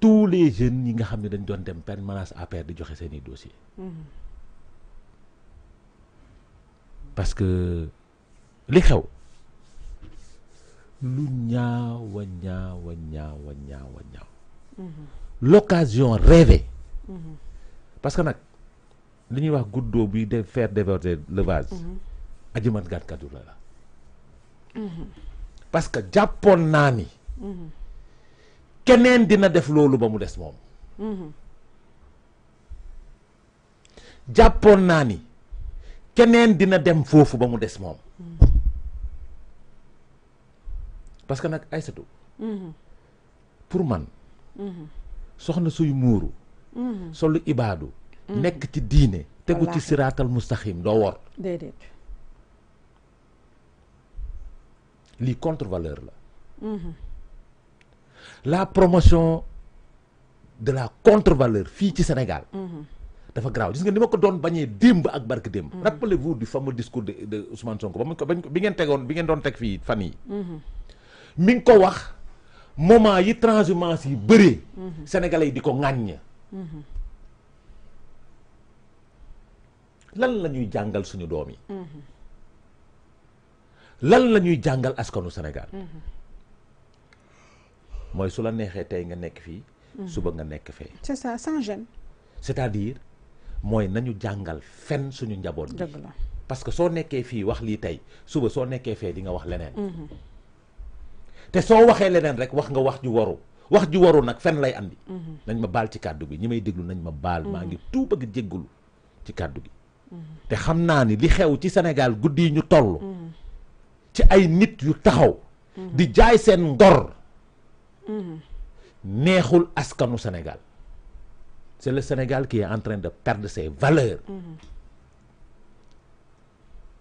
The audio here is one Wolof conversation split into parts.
tous les jeunes yi nga xam ne dañ doon dem permanence APR di joxe seeni dossier parce que li xew lu ñaawa ñaawa ñaawa ñaaw l'occasion rêvée parce que nag li ñuy wax guddoo bi de faire déverser le ajimat gàtkadu la la parce jàppoon naa ni keneen dina def loolu ba mu des moom jàppoon naa ni keneen dina dem foofu ba mu des moom parce que nag Aysatu pour man soxna suy muuru solu ibaadu nekk ci diine tegu ci siraatal mustaxim doo wor lii contre la mhm. la promotion de la contre-valeur fi ci Sénégal. Mhm. dafa graw gis nga nima ko don bañé demb ak barke -hmm. rappelez-vous du fameux discours de de Ousmane Sonko ba ko bañ ko bi ngeen tégon bi ngeen don teg fi fan yi mhm. mi ngi ko wax moment yi transhumance yi -hmm. sénégalais diko di mm -hmm. lan lañuy jangal suñu doomi mm -hmm. lan lañuy jangal askanu Sénégal. Mhm. mooy su la neexee tey nga nekk fii. Mm. suba nga nekk fee. c'est ça sans gêne. c'est-à-dire mooy nañu jàngal fenn suñu njaboot bi parce que soo nekkee fii wax lii tey suba soo nekkee fee di nga wax leneen. Mm-hmm. te soo waxee leneen rek wax nga wax ju waru wax ju waru nag fen lay andi. Mm-hmm. nañ ma baal ci kàddu gi ñu may déglu nañ ma baal. maa ngi mm-hmm. tout bëgg jéggulu ci kàddu gi. te xam naa ni li xew ci senegal guddi yi ñu toll. ci ay nit yu taxaw. di jaay seen ngor. neexul askanu Sénégal c'est le Sénégal qui est en train de perdre ses valeurs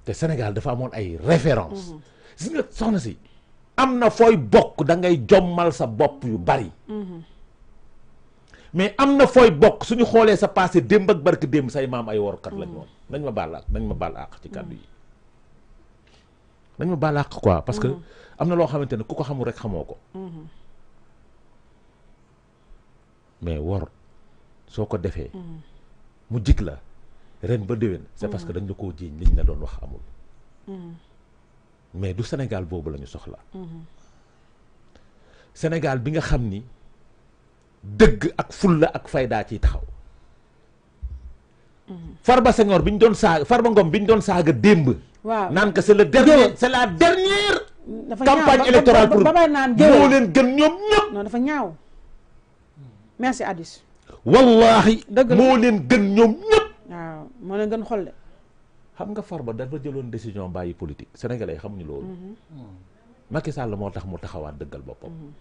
Le Sénégal dafa amoon ay références gis nga soxna si am na fooy bokk da ngay jommal sa bop yu bari mais am na bok, suñu xolé sa passé démb ak barke démb say mam ay kat lañ woon nañ ma balak, nañ ma balak, ak ci kàddu yi nañ ma balak ak quoi parce que am na xamantene xamante ku ko xamul rek xamoko ko mais wor soo ko defee mu jik la ren ba dewen c'est parce que dañ la koo jiiñ liñ la doon wax amul mais du Sénégal bobu lañu soxla Sénégal bi nga xamni deug dëgg ak fulla ak fayda ci taxaw Farba Senghor bi ñu doon saaga Farba Ngom biñ doon saaga démb waaw naan que c'est le dernier c'est la dernière campagne électorale pour mo len gën ñom ñoom non dafa ñaaw merci adis. wallahi mo len gën ñom ñep waaw moo gën xol de. xam nga Farba dafa jëlon décision bàyyi politique sénégalais yi xamuñu loolu. Mhm. Macky Sall mo tax mu taxawat deugal bopam mhm.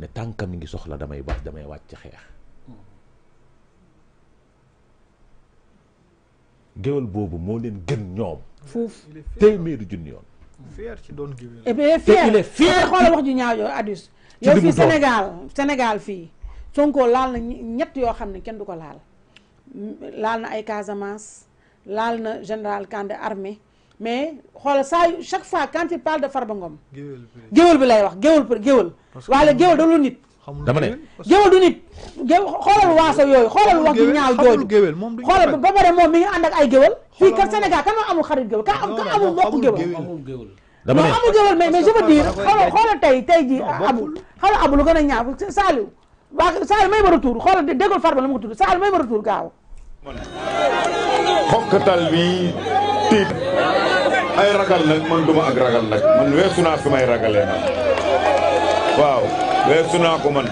ne tànk mi ngi soxla damay wax damay wacc xex xeex. bobu mo len gën ñom fouf téeméeri junni yoon. fier ci doon géwél. et eh bien fier te wax ju ñaaw adus yow fii Sénégal Sénégal fii Sonko laal na ñett yoo xam ne kenn du ko laal laal na ay Casamance laal na général Kandé armée mais xoolal saa chaque fois quand il parle de Farba Ngom géwél bi lay wax géwél pour géwél wala géwél da lu nit dama ne géwél du nit géwél xoolal waaso yooyu xoolal wax ju ñaaw jooju xoolal ba pare moom mi ngi ànd ak ay géwél fii kër Sénégal kan moo amul xarit géwél ka amul mbokk géwél dama ne amul jëwal mais mais je veux dire xoolal xoolal tey tey abul xoolal abul lu gën a ñaaw Saliou waa ma retour xoolal déggul Farba la bi tiit ay ragal nag man duma ak ragal nag man weesu naa fi ragalee nag waaw weesu naa ko man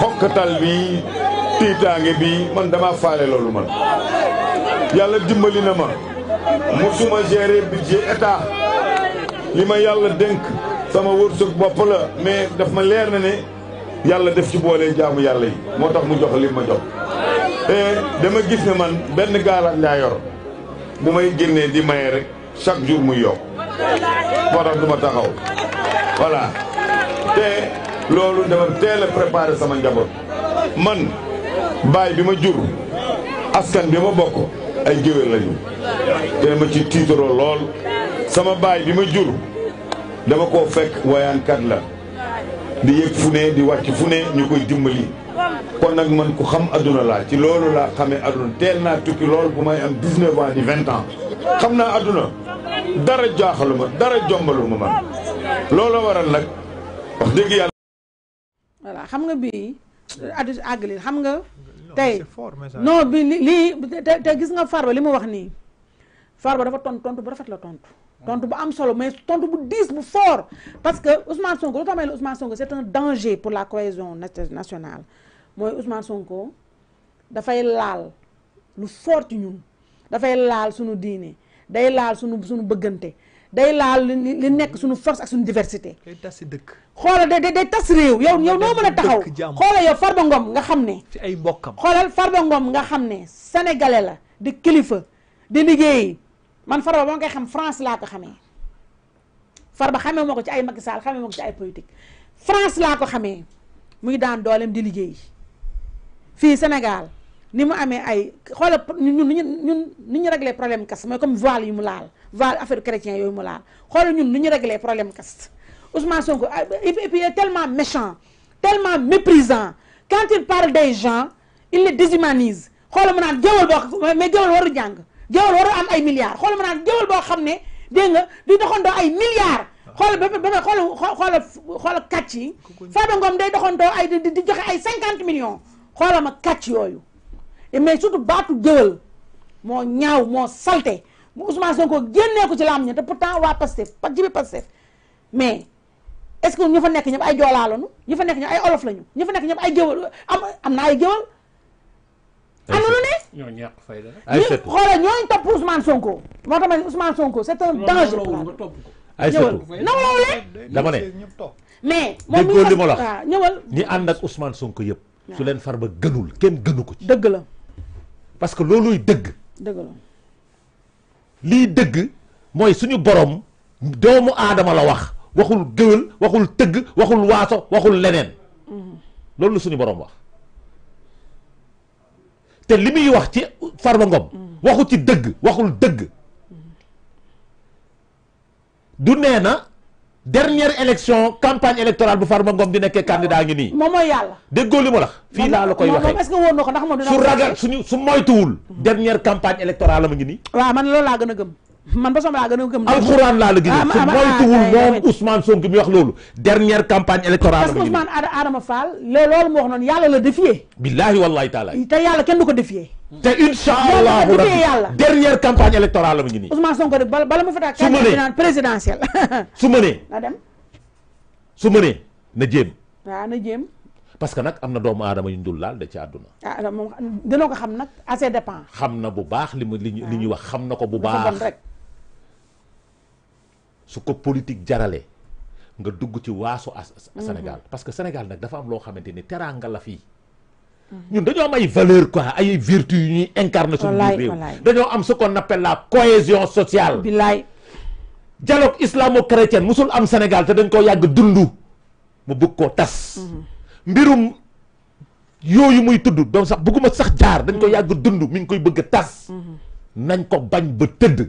xokkatal bi tiitaange bi man dama faale loolu man yàlla dimbali na ma musuma gérer budget état li ma yàlla dénk sama wërsëg bopp la mais daf ma leer na ne yàlla def ci boole jaamu yàllay moo tax mu jox li ma jox te dama gis ne man benn gaalaat laa yor bu may génnee di maye rek chaque jour muy yow moo tax du ma taxaw voilà te loolu dama teel a préparé sama njaboot man baay bi ma jur askan bi ma bokk ay géwél lañu te ma ci tiitaroo lool sama baay bi ma jur dama koo fekk wayaankat la di yëg fu ne di wàcc fu ne ñu koy dimbali kon nag man ku xam adduna laa ci loolu laa xamee adduna teel naa tukki lool bu may am 19 ans di 20 ans xam naa adduna dara jaaxalu ma dara jombalu ma man loolu waral nag wax dëgg yàlla. xam nga bii addu àggali xam nga tey non bi lii te gis nga Farba li mu wax nii Farba dafa tontu tontu bu rafet la tontu. tontu bu am solo mais tontu bu diis bu fort parce que Ousmane Sonko lu tamay Ousmane Sonko c'est un danger pour la cohésion nationale moy Ousmane Sonko fay lal lu fort ñun da fay lal suñu diiné day lal suñu suñu bëggante day lal li nekk suñu force ak suñu diversité. day tas si dëkk. xoolal day day tas réew. yow yow noo mën taxaw xoolal yow Farba Ngom nga xamné ci ay mbokam xoolal Farba Ngom nga xamné sénégalais la di kilifa di liggéey man Farba ba nga xam France la ko xamé Farba xamé ma ko ci ay Macky Sall xamee ma ko ci ay politique France la ko xamé muy daan dolem di liggéey fi Sénégal ni mu amee ay xol ñun ñun ñun ni ñu réglé problème caste moy comme voile yu mu laal voile affaire chrétien yu mu laal xol ñun ni ñu réglé problème caste Ousmane Sonko ah, et puis il est tellement méchant tellement méprisant quand il parle des gens il les déshumanise xol mu na djewal boo mais djewal waru jang géwél war a am ay milliards xoolal ma naan géwél boo xam ne dégg nga di doxandoo ay milliards ah. xoolal ba ba xool xoolal xoolal kàcc yi Farba Ngom day doxandoo ay di joxe ay cinquante million xoolal ma kàcc yooyu mais surtout baatu géwél moo ñaaw moo salte mu Ousmane Sonko génnee ko ci laam ña te pourtant waa Pastef pa jibi Pastef mais est-ce que ñu fa nekk ñëpp ay joolaa lañu ñu fa nekk ñëpp ay olof lañu ñu fa nekk ñëpp ay géwél am am na ay géwél am ne. ñoo ñàkk fayda la. ñu xoolal ñooñu topp Ousmane Sonko moo tax ma ne Ousmane Sonko c'est un danger. nawloo leen dama ne. mais moom mi ngi wax waaw ñëwal. ñi ànd ak Ousmane Sonko yëpp. su leen far ba gënul kenn gënu ko ci. dëgg la. parce que loolu dëgg. dëgg la. dëgg mooy suñu boroom doomu aadama la wax waxul gëwël waxul tëgg waxul waaso waxul leneen. Mm-hmm. loolu suñu borom wax. te li muy wax ci Farba Ngom waxu ci dëgg waxul dëgg du nee na dernière élection campagne électorale bu Farba Ngom di nekkee candidat ngi nii. moo mooy yàlla. déggoo li mu wax fii laa la koy waxee est-ce que woon na ko su ragal su moytuwul. dernière campagne électorale am ngi nii. waaw man loolu laa gën a gëm. man Bossom laa gën a gëm. alxuraan la gis. ah ma moytuwul ah, ah, moom Ousmane Sonko bi wax loolu. dernière campagne électorale parce que Ousmane Adama Fall loolu mu wax noonu yàlla la défier. billaahi wallaahi taala. te yàlla kenn du ko défier. te incha allahu rabbi campagne électorale la mu ngi nii. Ousmane Sonko de bala mu fa taa. su mënee su mënee. na dem su mënee na jéem. waaw ah, na jéem. parce que nag am na doomu aadama yu ñu dul laal de ci àdduna. ah moom dina ko xam nag assez dépend. xam na bu baax li mu li ñu wax xam na ko bu baax. su ko politique jaralee nga dugg ci waasu as mhm. Sénégal parce que Sénégal nag dafa am loo xamante ni teraanga la fii mhm. ñun dañoo am ay valeur quoi ay vertu yu ñuy incarné suñu réew dañoo am ce qu'on appelle la cohésion sociale bilaay dialogue islamo-chrétien musul am Sénégal te dañ koo yàgg dundu mu bëgg koo tas mhm. mbirum yooyu muy tudd doom sax bëgguma sax jaar dañ ko yàgg dund mi ngi koy bëgg a tas nañ ko bañ ba tëdd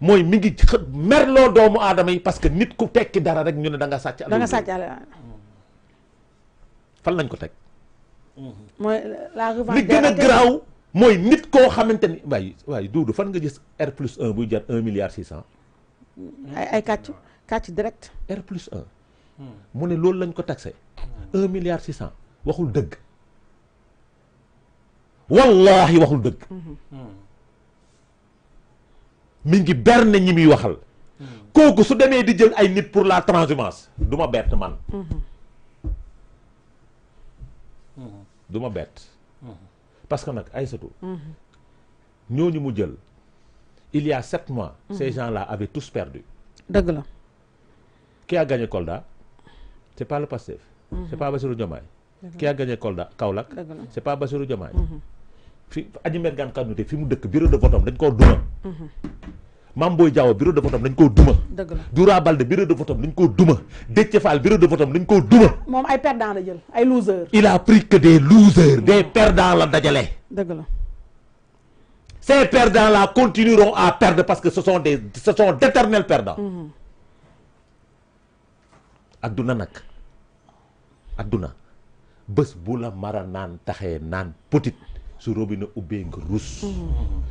mooy mu ngi xë merloo doomu aadama yi parce que nit ku tekki dara rek ñu ne da sàcc. da nga fan lañ ko teg. mooy la revanche li gën a garaaw mooy nit koo xamante ni waaye waaye Doudou fan nga gis R plus 1 buy jar 1 milliard 600. ay ay kàcc kàcc direct. R plus 1. mu ne loolu lañ ko taxé. 1 milliard 600 waxul dëgg. wallaahi waxul dëgg. Mm-hmm. mingi berne ñi muy waxal. Hmm. koku su démé di jël ay nit pour la transhumance du ma bett man. Hmm. du ma hmm. parce que nag Aïssatou. ñooñu mu jël il y a sept mois. ces gens-là avaient tous perdu. dëgg la. qui a gagné Kolda c'est pas le passif c'est pas basirou Diomaye. qui a gagné Kolda Kaolack. c'est pas basirou Diomaye. fi Adji Mergane Kanouté fi mu dëkk bureau de vote am dañ koo duma. Mame Boye Diao bureau de vote dañ koo duma. dëgg Balde bureau de vote dañ koo duma. Déthié Fall bureau de vote dañ koo duma. moom ay perdants la ay losers. il a pris que des losers. des perdants la dajale. la. ces à perdre parce que ce sont des ce mhm. adduna nag adduna bés bu la mara naan taxee naan petit. su robinet ubbee nga rus mm-hmm.